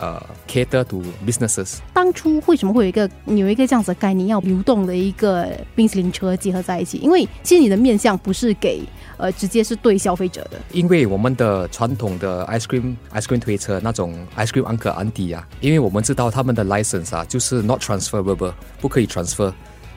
呃、cater to businesses。當初為什麼會有一個，有一個這樣子的概念，要流動的一個冰淇淋車結合在一起？因為其實你的面向不是給，呃，直接是對消費者的。因為我們的傳統的 ice cream ice cream 推車那種 ice cream uncle Andy 啊，因為我們知道他們的 license 啊，就是 not transferable，不可以 transfer。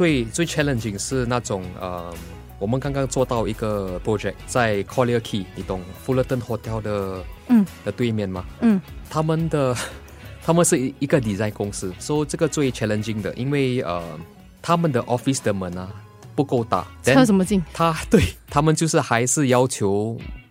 對最最 challenging 是那種，呃，我們剛剛做到一個 project，在 Collyer Quay，你懂 Fullerton Hotel 的，嗯，的對面嗎？嗯，他們的，他們是一個 design 公司，所以這個最 challenging 的，因為，呃，他們的 office 的門啊不夠大，差什麼勁？Then, 他對他們就是還是要求。